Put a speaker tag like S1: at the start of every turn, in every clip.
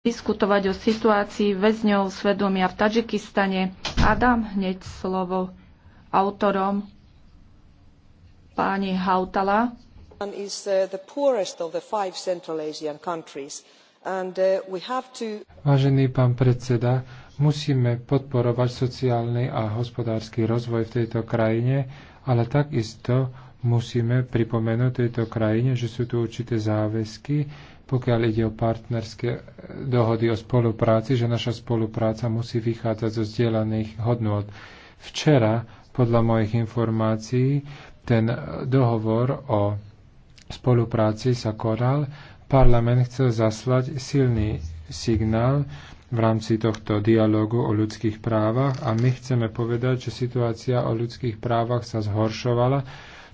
S1: diskutovať o situácii väzňov svedomia v Tadžikistane a dám hneď slovo autorom páni Hautala. Uh, uh,
S2: Vážený pán predseda, musíme podporovať sociálny a hospodársky rozvoj v tejto krajine, ale takisto musíme pripomenúť tejto krajine, že sú tu určité záväzky, pokiaľ ide o partnerské eh, dohody o spolupráci, že naša spolupráca musí vychádzať zo zdieľaných hodnot. Včera, podľa mojich informácií, ten eh, dohovor o spolupráci sa koral, Parlament chcel zaslať silný signál v rámci tohto dialogu o ľudských právach a my chceme povedať, že situácia o ľudských právach sa zhoršovala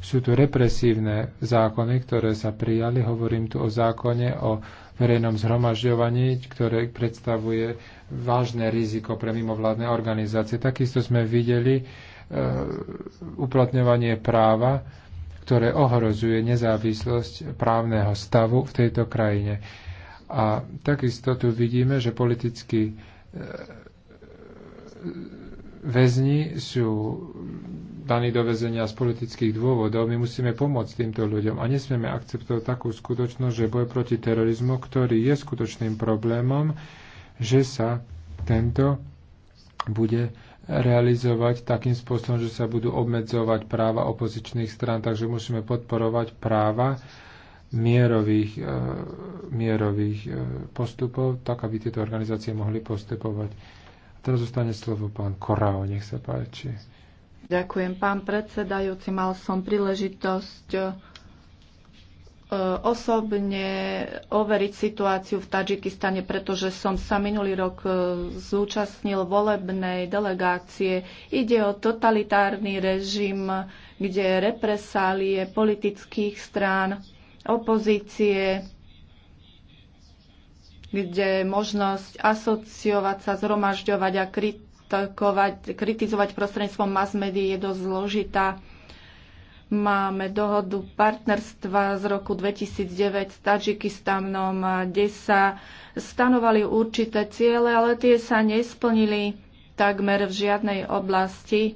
S2: sú tu represívne zákony, ktoré sa prijali. Hovorím tu o zákone o verejnom zhromažďovaní, ktoré predstavuje vážne riziko pre mimovládne organizácie. Takisto sme videli e, uplatňovanie práva, ktoré ohrozuje nezávislosť právneho stavu v tejto krajine. A takisto tu vidíme, že politickí e, väzni sú daní do vezenia z politických dôvodov, my musíme pomôcť týmto ľuďom a nesmieme akceptovať takú skutočnosť, že boj proti terorizmu, ktorý je skutočným problémom, že sa tento bude realizovať takým spôsobom, že sa budú obmedzovať práva opozičných strán, takže musíme podporovať práva mierových, e, mierových e, postupov, tak aby tieto organizácie mohli postupovať. A teraz zostane slovo pán Korao, nech sa páči.
S1: Ďakujem, pán predsedajúci. Mal som príležitosť e, osobne overiť situáciu v Tadžikistane, pretože som sa minulý rok e, zúčastnil volebnej delegácie. Ide o totalitárny režim, kde represálie politických strán, opozície, kde možnosť asociovať sa, zhromažďovať a krit- kritizovať prostredníctvom mass médií je dosť zložitá. Máme dohodu partnerstva z roku 2009 s Tadžikistanom, kde sa stanovali určité ciele, ale tie sa nesplnili takmer v žiadnej oblasti.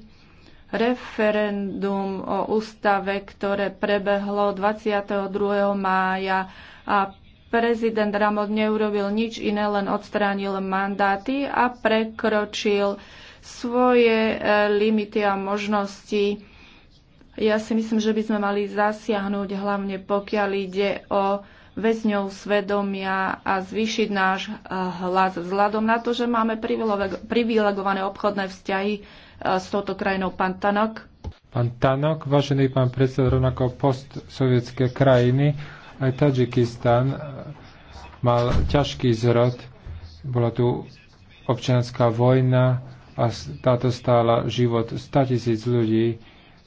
S1: Referendum o ústave, ktoré prebehlo 22. mája a prezident Ramot neurobil nič iné, len odstránil mandáty a prekročil svoje e, limity a možnosti. Ja si myslím, že by sme mali zasiahnuť hlavne pokiaľ ide o väzňov svedomia a zvýšiť náš e, hlas vzhľadom na to, že máme privilegované obchodné vzťahy e, s touto krajinou. Pán Tanok.
S2: Pán Tanok, vážený pán predseda, rovnako postsovietské krajiny aj Tadžikistan e, mal ťažký zrod. Bola tu občianská vojna a táto stála život 100 tisíc ľudí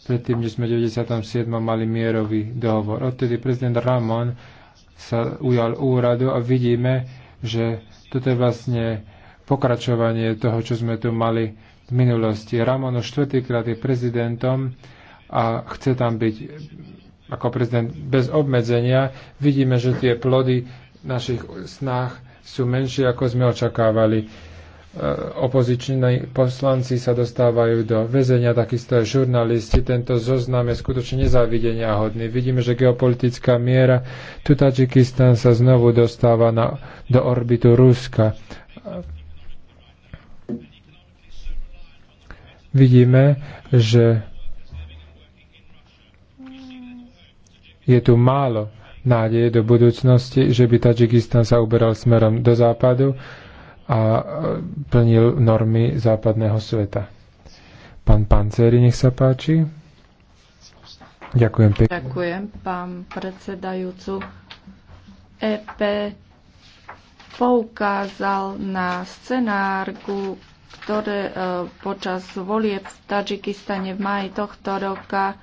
S2: predtým, že sme v 97. mali mierový dohovor. Odtedy prezident Ramon sa ujal úradu a vidíme, že toto je vlastne pokračovanie toho, čo sme tu mali v minulosti. Ramon už štvrtýkrát je prezidentom a chce tam byť ako prezident bez obmedzenia, vidíme, že tie plody našich snách sú menšie, ako sme očakávali. E, opoziční poslanci sa dostávajú do väzenia, takisto aj žurnalisti. Tento zoznam je skutočne nezávidenia hodný. Vidíme, že geopolitická miera tu Tadžikistan sa znovu dostáva na, do orbitu Ruska. Vidíme, že je tu málo nádeje do budúcnosti, že by Tadžikistan sa uberal smerom do západu a e, plnil normy západného sveta. Pán Panceri, nech sa páči. Ďakujem pekne.
S1: Ďakujem, pán predsedajúcu. EP poukázal na scenárku, ktoré e, počas volieb v Tadžikistane v maji tohto roka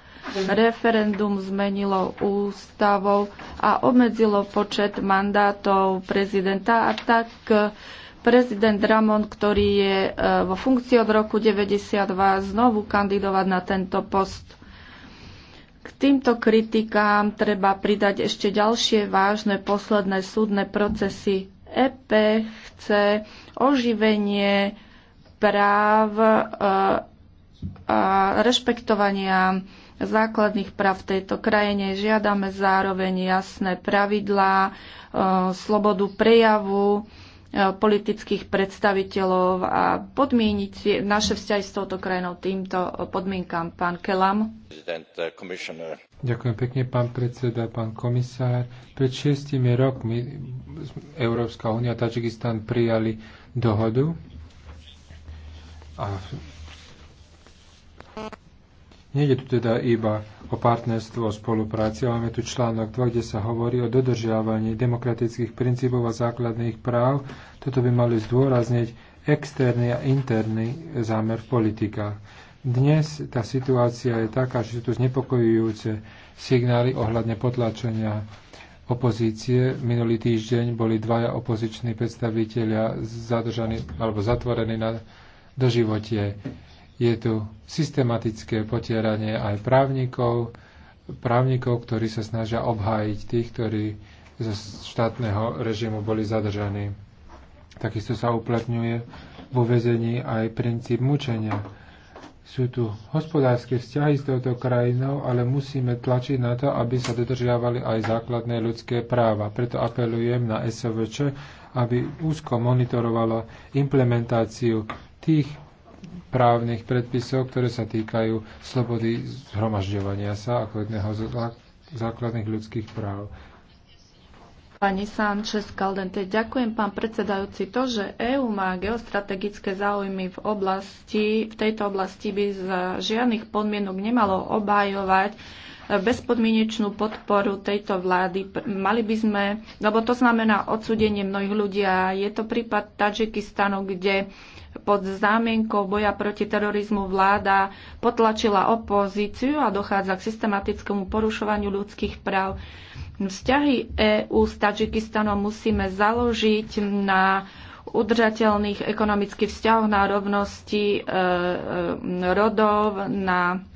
S1: referendum zmenilo ústavou a obmedzilo počet mandátov prezidenta a tak eh, prezident Ramon, ktorý je eh, vo funkcii od roku 92, znovu kandidovať na tento post. K týmto kritikám treba pridať ešte ďalšie vážne posledné súdne procesy. EP chce oživenie práv eh, a rešpektovania základných práv v tejto krajine. Žiadame zároveň jasné pravidlá, e, slobodu prejavu e, politických predstaviteľov a podmieniť naše vzťahy s touto krajinou týmto podmienkam. Pán Kelam.
S2: Ďakujem pekne, pán predseda, pán komisár. Pred šiestimi rokmi Európska únia a Tadžikistan prijali dohodu a Nejde tu teda iba o partnerstvo o spolupráci, ale máme tu článok 2, kde sa hovorí o dodržiavaní demokratických princípov a základných práv. Toto by mali zdôrazniť externý a interný zámer v politikách. Dnes tá situácia je taká, že sú tu znepokojujúce signály ohľadne potlačenia opozície. Minulý týždeň boli dvaja opoziční predstavitelia zadržaní alebo zatvorení na doživotie je tu systematické potieranie aj právnikov, právnikov, ktorí sa snažia obhájiť tých, ktorí zo štátneho režimu boli zadržaní. Takisto sa uplatňuje vo vezení aj princíp mučenia. Sú tu hospodárske vzťahy s touto krajinou, ale musíme tlačiť na to, aby sa dodržiavali aj základné ľudské práva. Preto apelujem na SVČ, aby úzko monitorovalo implementáciu tých právnych predpisov, ktoré sa týkajú slobody zhromažďovania sa ako jedného z základných ľudských práv.
S1: Pani Sánchez Caldente, ďakujem pán predsedajúci. To, že EÚ má geostrategické záujmy v, oblasti, v tejto oblasti by za žiadnych podmienok nemalo obhajovať bezpodmienečnú podporu tejto vlády. Mali by sme, lebo to znamená odsudenie mnohých ľudí a je to prípad Tadžikistanu, kde pod zámienkou boja proti terorizmu vláda potlačila opozíciu a dochádza k systematickému porušovaniu ľudských práv. Vzťahy EÚ s Tadžikistanom musíme založiť na udržateľných ekonomických vzťahoch, na rovnosti e, e, rodov, na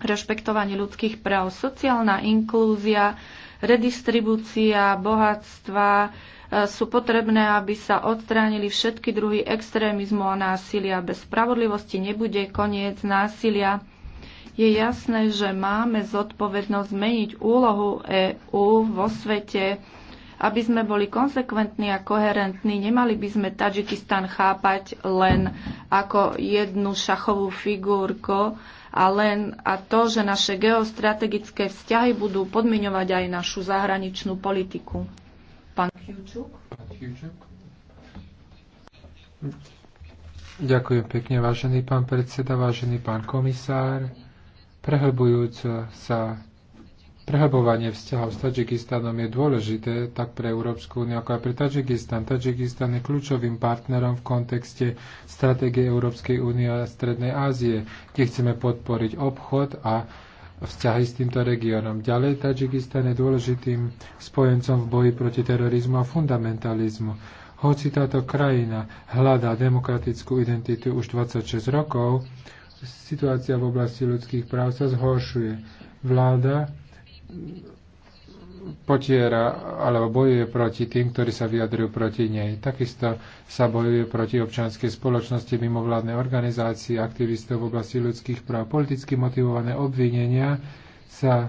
S1: rešpektovanie ľudských práv, sociálna inklúzia, redistribúcia bohatstva e, sú potrebné, aby sa odstránili všetky druhy extrémizmu a násilia. Bez spravodlivosti nebude koniec násilia. Je jasné, že máme zodpovednosť zmeniť úlohu EÚ vo svete, aby sme boli konsekventní a koherentní. Nemali by sme Tadžikistan chápať len ako jednu šachovú figurku, a, len, a to, že naše geostrategické vzťahy budú podmiňovať aj našu zahraničnú politiku. Pán Kjúčuk.
S2: Ďakujem pekne, vážený pán predseda, vážený pán komisár. Prehlbujúc sa Prehlbovanie vzťahov s Tadžikistanom je dôležité tak pre Európsku úniu, ako aj pre Tadžikistan. Tadžikistan je kľúčovým partnerom v kontexte stratégie Európskej únie a Strednej Ázie, kde chceme podporiť obchod a vzťahy s týmto regiónom. Ďalej, Tadžikistan je dôležitým spojencom v boji proti terorizmu a fundamentalizmu. Hoci táto krajina hľadá demokratickú identitu už 26 rokov, situácia v oblasti ľudských práv sa zhoršuje. Vláda potiera alebo bojuje proti tým, ktorí sa vyjadrujú proti nej. Takisto sa bojuje proti občanskej spoločnosti, mimovládnej organizácii, aktivistov v oblasti ľudských práv. Politicky motivované obvinenia sa e,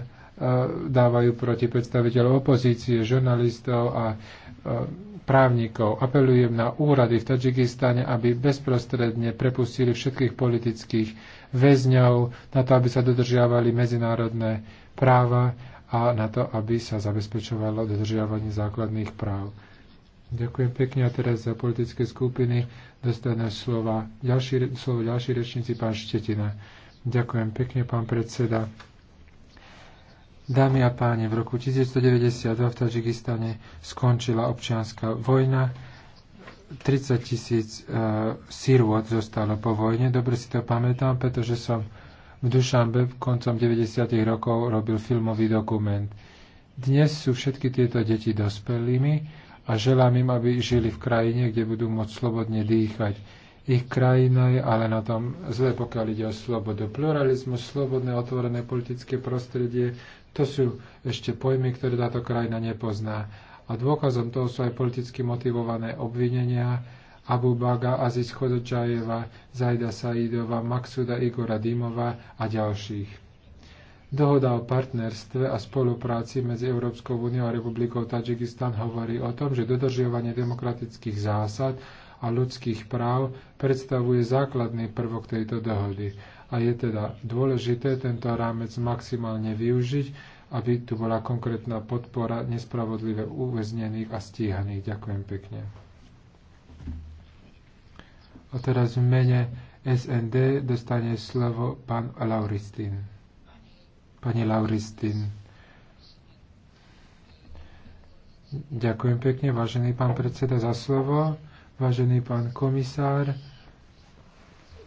S2: dávajú proti predstaviteľov opozície, žurnalistov a e, právnikov. Apelujem na úrady v Tadžikistane, aby bezprostredne prepustili všetkých politických väzňov, na to, aby sa dodržiavali medzinárodné práva a na to, aby sa zabezpečovalo dodržiavanie základných práv. Ďakujem pekne a teraz za politické skupiny dostane slova ďalší, slovo ďalší rečníci pán Štetina. Ďakujem pekne, pán predseda. Dámy a páni, v roku 1992 v Tadžikistane skončila občianská vojna. 30 tisíc e, sirvot zostalo po vojne. Dobre si to pamätám, pretože som v Dušambe v koncom 90. rokov robil filmový dokument. Dnes sú všetky tieto deti dospelými a želám im, aby žili v krajine, kde budú môcť slobodne dýchať ich krajina je ale na tom zle, pokiaľ ide o slobodu. Pluralizmus, slobodné, otvorené politické prostredie, to sú ešte pojmy, ktoré táto krajina nepozná. A dôkazom toho sú aj politicky motivované obvinenia Abu Baga, Aziz Chodočajeva, Zajda Saidova, Maksuda Igora Dimova a ďalších. Dohoda o partnerstve a spolupráci medzi Európskou úniou a Republikou Tadžikistan hovorí o tom, že dodržiavanie demokratických zásad a ľudských práv predstavuje základný prvok tejto dohody. A je teda dôležité tento rámec maximálne využiť, aby tu bola konkrétna podpora nespravodlive uväznených a stíhaných. Ďakujem pekne. A teraz v mene SND dostane slovo pán Lauristin. Pani Lauristin. Ďakujem pekne, vážený pán predseda, za slovo. Vážený pán komisár,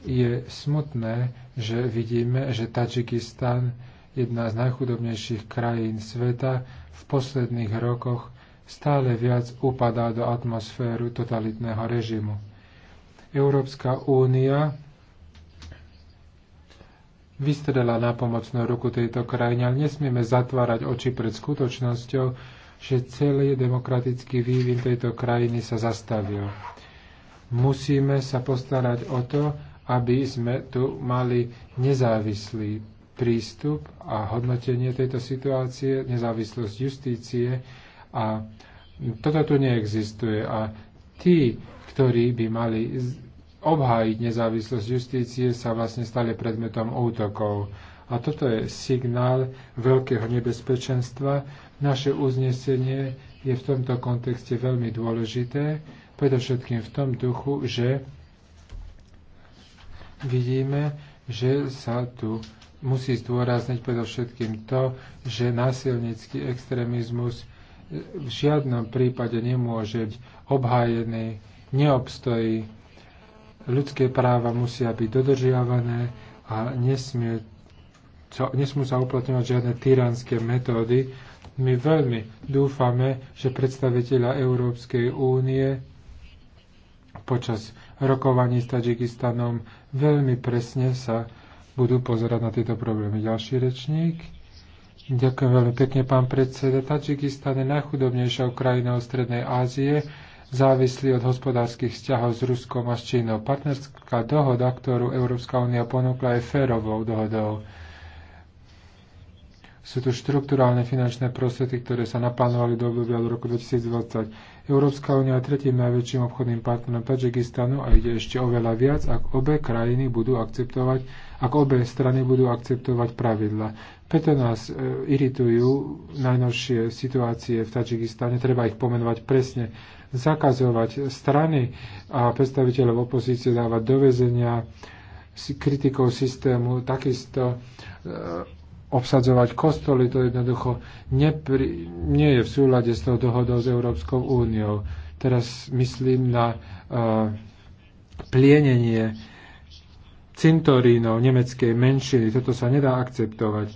S2: je smutné, že vidíme, že Tadžikistan, jedna z najchudobnejších krajín sveta, v posledných rokoch stále viac upadá do atmosféru totalitného režimu. Európska únia vystrela na pomocnú ruku tejto krajine, ale nesmieme zatvárať oči pred skutočnosťou, že celý demokratický vývin tejto krajiny sa zastavil musíme sa postarať o to, aby sme tu mali nezávislý prístup a hodnotenie tejto situácie, nezávislosť justície a toto tu neexistuje a tí, ktorí by mali obhájiť nezávislosť justície, sa vlastne stali predmetom útokov. A toto je signál veľkého nebezpečenstva. Naše uznesenie je v tomto kontexte veľmi dôležité predovšetkým v tom duchu, že vidíme, že sa tu musí zdôrazniť predovšetkým to, že násilnícky extrémizmus v žiadnom prípade nemôže byť obhájený, neobstojí. Ľudské práva musia byť dodržiavané a nesmie, nesmú sa uplatňovať žiadne tyranské metódy. My veľmi dúfame, že predstaviteľa Európskej únie počas rokovaní s Tadžikistanom veľmi presne sa budú pozerať na tieto problémy. Ďalší rečník. Ďakujem veľmi pekne, pán predseda. Tadžikistan je najchudobnejšou krajinou Strednej Ázie, závislý od hospodárskych vzťahov s Ruskom a s Čínou. Partnerská dohoda, ktorú Európska únia ponúkla, je férovou dohodou. Sú to štruktúrálne finančné prostriedky, ktoré sa naplánovali do obdobia do roku 2020. Európska únia je tretím najväčším obchodným partnerom Tadžikistanu a ide ešte oveľa viac, ak obe krajiny budú akceptovať, ak obe strany budú akceptovať pravidla. Preto nás e, iritujú najnovšie situácie v Tadžikistane, treba ich pomenovať presne. Zakazovať strany a predstaviteľov opozície dávať do vezenia kritikou systému takisto e, obsadzovať kostoly, to jednoducho nepri, nie je v súlade s tou dohodou s Európskou úniou. Teraz myslím na uh, plienenie cintorínov nemeckej menšiny. Toto sa nedá akceptovať.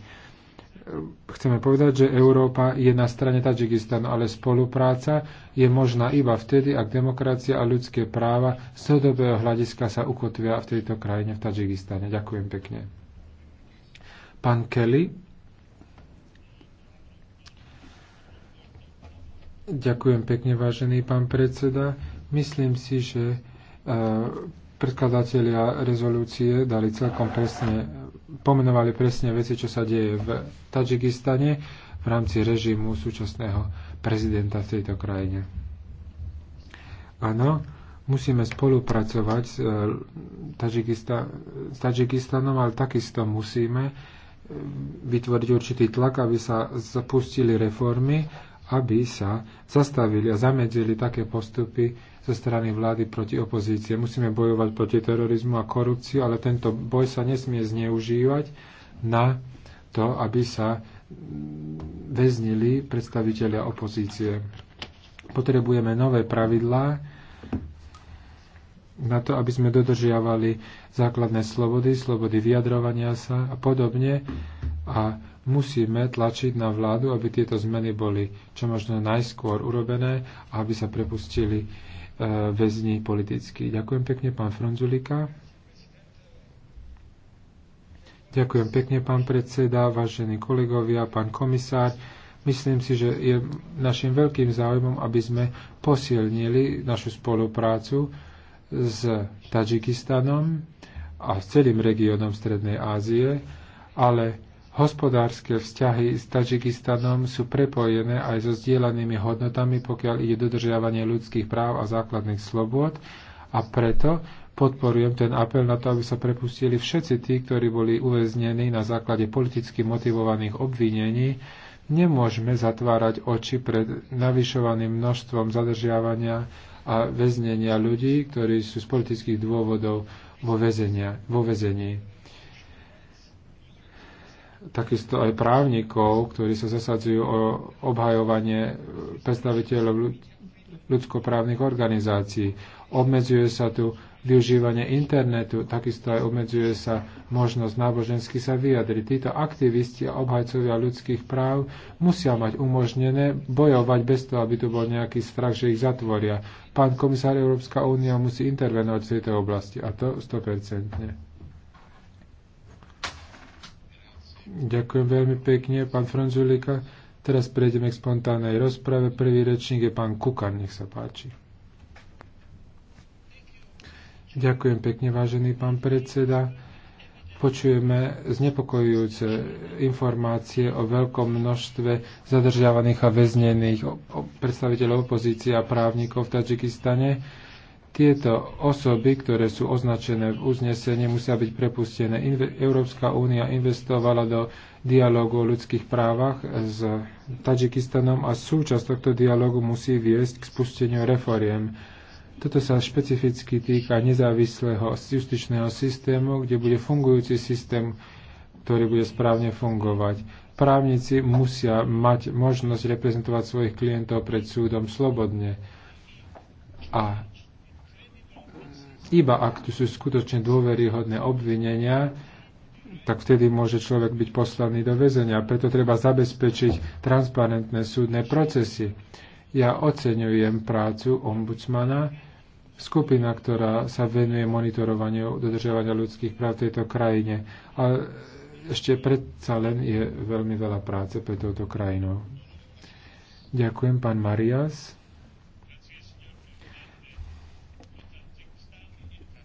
S2: Chceme povedať, že Európa je na strane Tadžikistanu, ale spolupráca je možná iba vtedy, ak demokracia a ľudské práva z hľadiska sa ukotvia v tejto krajine, v Tadžikistane. Ďakujem pekne. Pán Kelly. Ďakujem pekne, vážený pán predseda. Myslím si, že e, predkladatelia rezolúcie dali celkom presne, pomenovali presne veci, čo sa deje v Tadžikistane v rámci režimu súčasného prezidenta v tejto krajine. Áno, musíme spolupracovať s, e, s Tadžikistanom, ale takisto musíme vytvoriť určitý tlak, aby sa zapustili reformy, aby sa zastavili a zamedzili také postupy zo strany vlády proti opozície. Musíme bojovať proti terorizmu a korupciu, ale tento boj sa nesmie zneužívať na to, aby sa väznili predstavitelia opozície. Potrebujeme nové pravidlá, na to, aby sme dodržiavali základné slobody, slobody vyjadrovania sa a podobne. A musíme tlačiť na vládu, aby tieto zmeny boli čo možno najskôr urobené a aby sa prepustili e, väzni politicky. Ďakujem pekne, pán Frunzulika. Ďakujem pekne, pán predseda, vážení kolegovia, pán komisár. Myslím si, že je našim veľkým záujmom, aby sme posilnili našu spoluprácu s Tadžikistanom a s celým regiónom Strednej Ázie, ale hospodárske vzťahy s Tadžikistanom sú prepojené aj so zdieľanými hodnotami, pokiaľ ide dodržiavanie ľudských práv a základných slobôd a preto podporujem ten apel na to, aby sa prepustili všetci tí, ktorí boli uväznení na základe politicky motivovaných obvinení. Nemôžeme zatvárať oči pred navyšovaným množstvom zadržiavania a väznenia ľudí, ktorí sú z politických dôvodov vo, väzenia, vo väzení. Takisto aj právnikov, ktorí sa zasadzujú o obhajovanie predstaviteľov ľudskoprávnych organizácií. Obmedzuje sa tu využívanie internetu, takisto aj obmedzuje sa možnosť nábožensky sa vyjadriť. Títo aktivisti a obhajcovia ľudských práv musia mať umožnené bojovať bez toho, aby tu bol nejaký strach, že ich zatvoria. Pán komisár Európska únia musí intervenovať v tejto oblasti a to 100%. Ďakujem veľmi pekne, pán Franzulika. Teraz prejdeme k spontánnej rozprave. Prvý rečník je pán Kukan, nech sa páči. Ďakujem pekne, vážený pán predseda. Počujeme znepokojujúce informácie o veľkom množstve zadržiavaných a väznených predstaviteľov opozície a právnikov v Tadžikistane. Tieto osoby, ktoré sú označené v uznesení, musia byť prepustené. Európska únia investovala do dialogu o ľudských právach s Tadžikistanom a súčasť tohto dialogu musí viesť k spusteniu reforiem. Toto sa špecificky týka nezávislého justičného systému, kde bude fungujúci systém, ktorý bude správne fungovať. Právnici musia mať možnosť reprezentovať svojich klientov pred súdom slobodne. A iba ak tu sú skutočne dôveryhodné obvinenia, tak vtedy môže človek byť poslaný do väzenia. Preto treba zabezpečiť transparentné súdne procesy. Ja oceňujem prácu ombudsmana, skupina, ktorá sa venuje monitorovaniu dodržiavania ľudských práv v tejto krajine. A ešte predsa len je veľmi veľa práce pre touto krajinou. Ďakujem, pán Marias.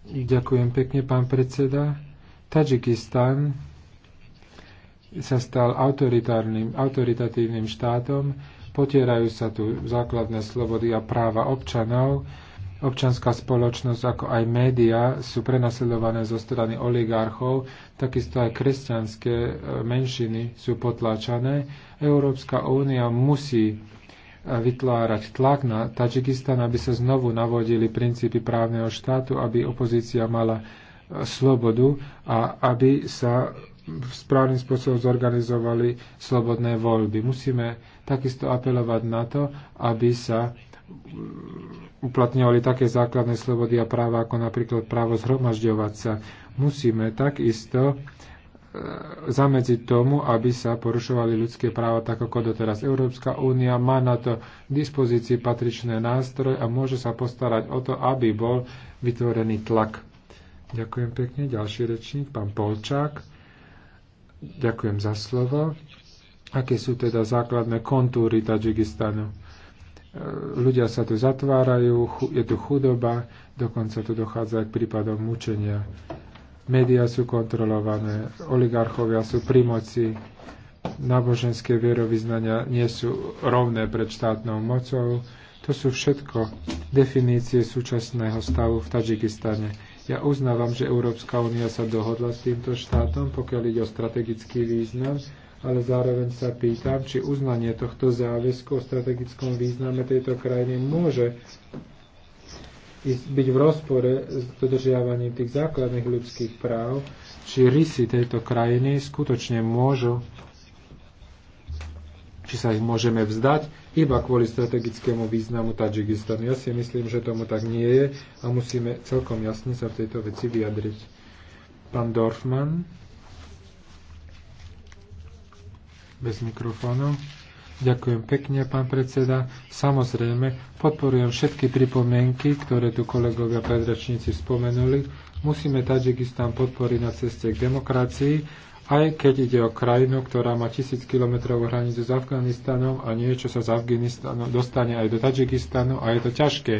S2: Ďakujem pekne, pán predseda. Tadžikistan sa stal autoritárnym, autoritatívnym štátom, potierajú sa tu základné slobody a práva občanov, občanská spoločnosť, ako aj médiá sú prenasledované zo strany oligarchov, takisto aj kresťanské e, menšiny sú potláčané. Európska únia musí e, vytvárať tlak na Tadžikistan, aby sa znovu navodili princípy právneho štátu, aby opozícia mala e, slobodu a aby sa správnym spôsobom zorganizovali slobodné voľby. Musíme takisto apelovať na to, aby sa Mm, uplatňovali také základné slobody a práva, ako napríklad právo zhromažďovať sa. Musíme takisto e, zamedziť tomu, aby sa porušovali ľudské práva tak ako doteraz. Európska únia má na to dispozícii patričné nástroje a môže sa postarať o to, aby bol vytvorený tlak. Ďakujem pekne. Ďalší rečník, pán Polčák. Ďakujem za slovo. Aké sú teda základné kontúry Tadžikistanu? ľudia sa tu zatvárajú, je tu chudoba, dokonca tu dochádza k prípadom mučenia. Média sú kontrolované, oligarchovia sú pri moci, náboženské vierovýznania nie sú rovné pred štátnou mocou. To sú všetko definície súčasného stavu v Tadžikistane. Ja uznávam, že Európska únia sa dohodla s týmto štátom, pokiaľ ide o strategický význam, ale zároveň sa pýtam, či uznanie tohto záväzku o strategickom význame tejto krajiny môže byť v rozpore s dodržiavaním tých základných ľudských práv, či rysy tejto krajiny skutočne môžu, či sa ich môžeme vzdať iba kvôli strategickému významu Tadžikistanu. Ja si myslím, že tomu tak nie je a musíme celkom jasne sa v tejto veci vyjadriť. Pán Dorfman. bez mikrofónu. Ďakujem pekne, pán predseda. Samozrejme, podporujem všetky pripomienky, ktoré tu kolegovia predračníci spomenuli. Musíme Tadžikistán podporiť na ceste k demokracii, aj keď ide o krajinu, ktorá má tisíc kilometrov hranicu s Afganistanom a niečo sa z Afganistanu dostane aj do Tadžikistanu a je to ťažké.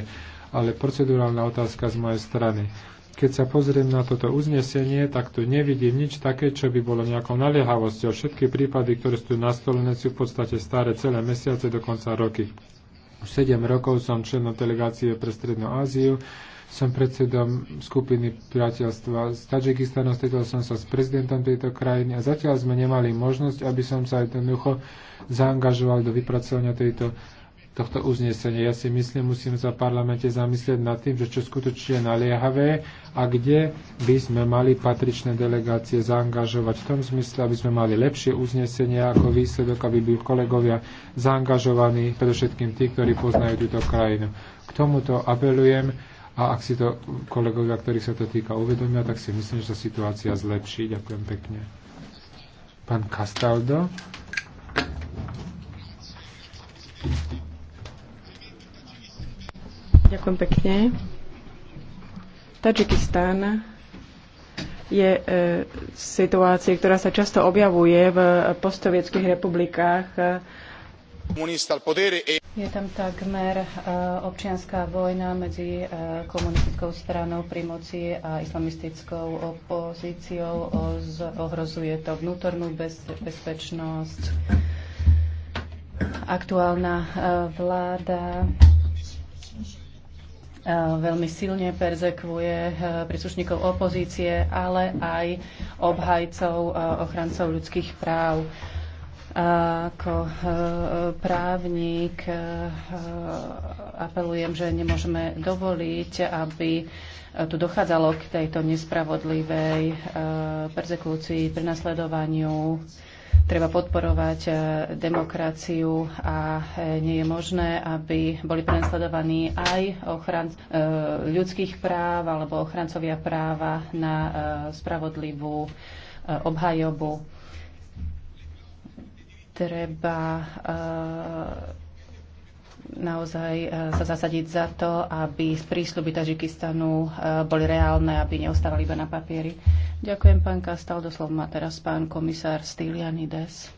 S2: Ale procedurálna otázka z mojej strany keď sa pozriem na toto uznesenie, tak tu nevidím nič také, čo by bolo nejakou naliehavosťou. Všetky prípady, ktoré sú tu nastolené, sú v podstate staré celé mesiace, dokonca roky. Už 7 rokov som členom delegácie pre Strednú Áziu som predsedom skupiny priateľstva z Tadžikistanu, stretol som sa s prezidentom tejto krajiny a zatiaľ sme nemali možnosť, aby som sa jednoducho zaangažoval do vypracovania tejto tohto uznesenia. Ja si myslím, musíme sa v parlamente zamyslieť nad tým, že čo skutočne je naliehavé a kde by sme mali patričné delegácie zaangažovať v tom zmysle, aby sme mali lepšie uznesenia ako výsledok, aby boli kolegovia zaangažovaní, predovšetkým tí, ktorí poznajú túto krajinu. K tomuto apelujem a ak si to kolegovia, ktorých sa to týka, uvedomia, tak si myslím, že sa situácia zlepší. Ďakujem pekne. Pán Castaldo.
S1: Ďakujem pekne. Tadžikistán je e, situácia, ktorá sa často objavuje v postsovietských republikách.
S2: E-
S3: je tam takmer e, občianská vojna medzi e, komunistickou stranou pri moci a islamistickou opozíciou. Ohrozuje to vnútornú bez, bezpečnosť. Aktuálna vláda veľmi silne perzekvuje e, príslušníkov opozície, ale aj obhajcov, e, ochrancov ľudských práv. Ako e, právnik apelujem, že nemôžeme dovoliť, aby tu dochádzalo k tejto nespravodlivej perzekúcii, prenasledovaniu Treba podporovať e, demokraciu a e, nie je možné, aby boli prenasledovaní aj ochran e, ľudských práv alebo ochrancovia práva na spravodlivú obhajobu. Treba naozaj e, sa zasadiť za to, aby prísľuby Tažikistanu e, boli reálne, aby neostávali iba na papieri. Ďakujem, pán Kastal. Doslov má teraz pán komisár Stylianides.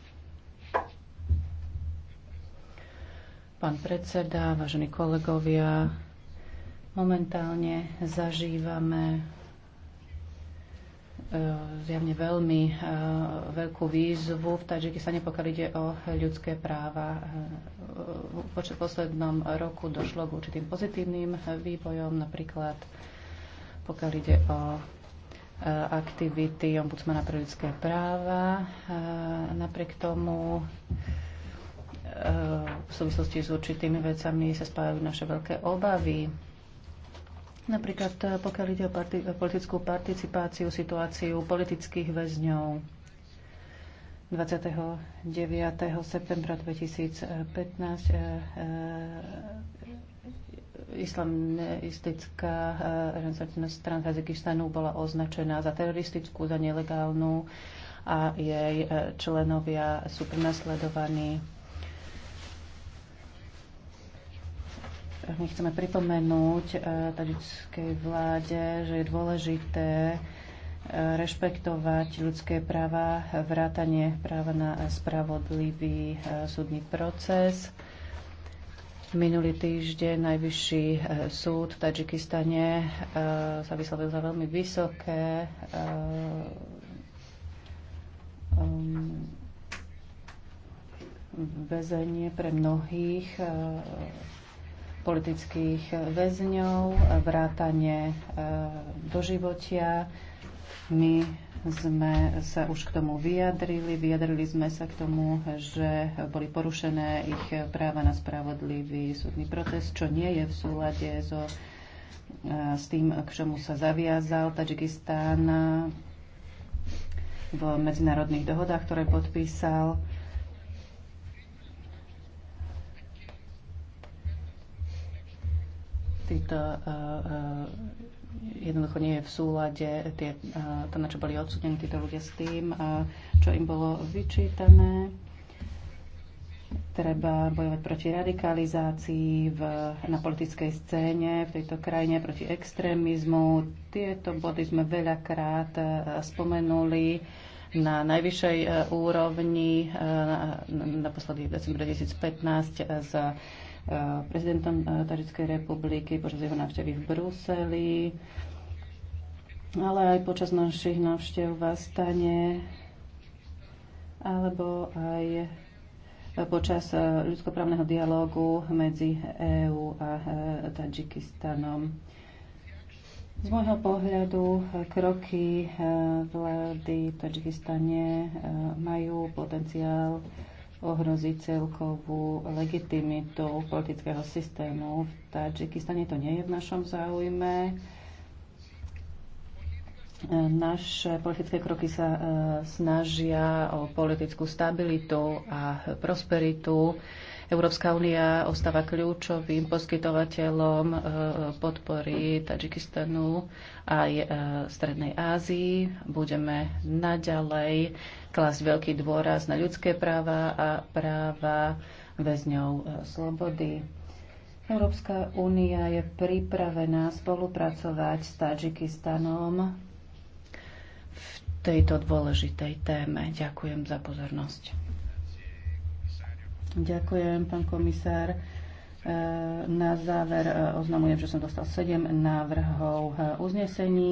S3: Pán predseda, vážení kolegovia, momentálne zažívame E, zjavne veľmi e, veľkú výzvu v Tadžikistane, pokiaľ ide o ľudské práva. E, v poslednom roku došlo k určitým pozitívnym vývojom, napríklad pokiaľ ide o aktivity ombudsmana pre ľudské práva. Napriek tomu v súvislosti s určitými vecami sa spájajú naše veľké obavy Napríklad eh, pokiaľ ide o parti- politickú participáciu, situáciu politických väzňov 29. septembra 2015 eh, eh, islamistická e, strana Hazekistanu bola označená za teroristickú, za nelegálnu a jej členovia sú prenasledovaní My chceme pripomenúť eh, tadžickej vláde, že je dôležité eh, rešpektovať ľudské práva, vrátanie práva na spravodlivý eh, súdny proces. Minulý týždeň najvyšší súd v Tadžikistane sa vyslovil za veľmi vysoké um, väzenie pre mnohých politických eh, väzňov, vrátanie eh, doživotia. My sme sa už k tomu vyjadrili. Vyjadrili sme sa k tomu, že boli porušené ich práva na spravodlivý súdny proces, čo nie je v súlade so, eh, s tým, k čomu sa zaviazal Tadžikistán v medzinárodných dohodách, ktoré podpísal. to e, e, jednoducho nie je v súlade tie, e, to, na čo boli odsudení títo ľudia s tým, čo im bolo vyčítané. Treba bojovať proti radikalizácii v, na politickej scéne v tejto krajine, proti extrémizmu. Tieto body sme veľakrát spomenuli na najvyššej úrovni, naposledy v decembri 2015 z Eh, prezidentom eh, Tadžickej republiky počas jeho návštevy v Bruseli, ale aj počas našich návštev v Astane, alebo aj eh, počas ľudskoprávneho dialógu medzi EÚ a Tadžikistanom. Z môjho pohľadu kroky vlády v Tadžikistane majú potenciál ohrozí celkovú legitimitu politického systému v Tadžikistane. To nie je v našom záujme. Naše politické kroky sa e, snažia o politickú stabilitu a prosperitu Európska únia ostáva kľúčovým poskytovateľom e, podpory Tadžikistanu aj e, Strednej Ázii. Budeme naďalej klásť veľký dôraz na ľudské práva a práva väzňov e, slobody. Európska únia je pripravená spolupracovať s Tadžikistanom v tejto dôležitej téme. Ďakujem za pozornosť. Ďakujem, pán komisár. E, na záver e, oznamujem, že som dostal 7 návrhov e, uznesení.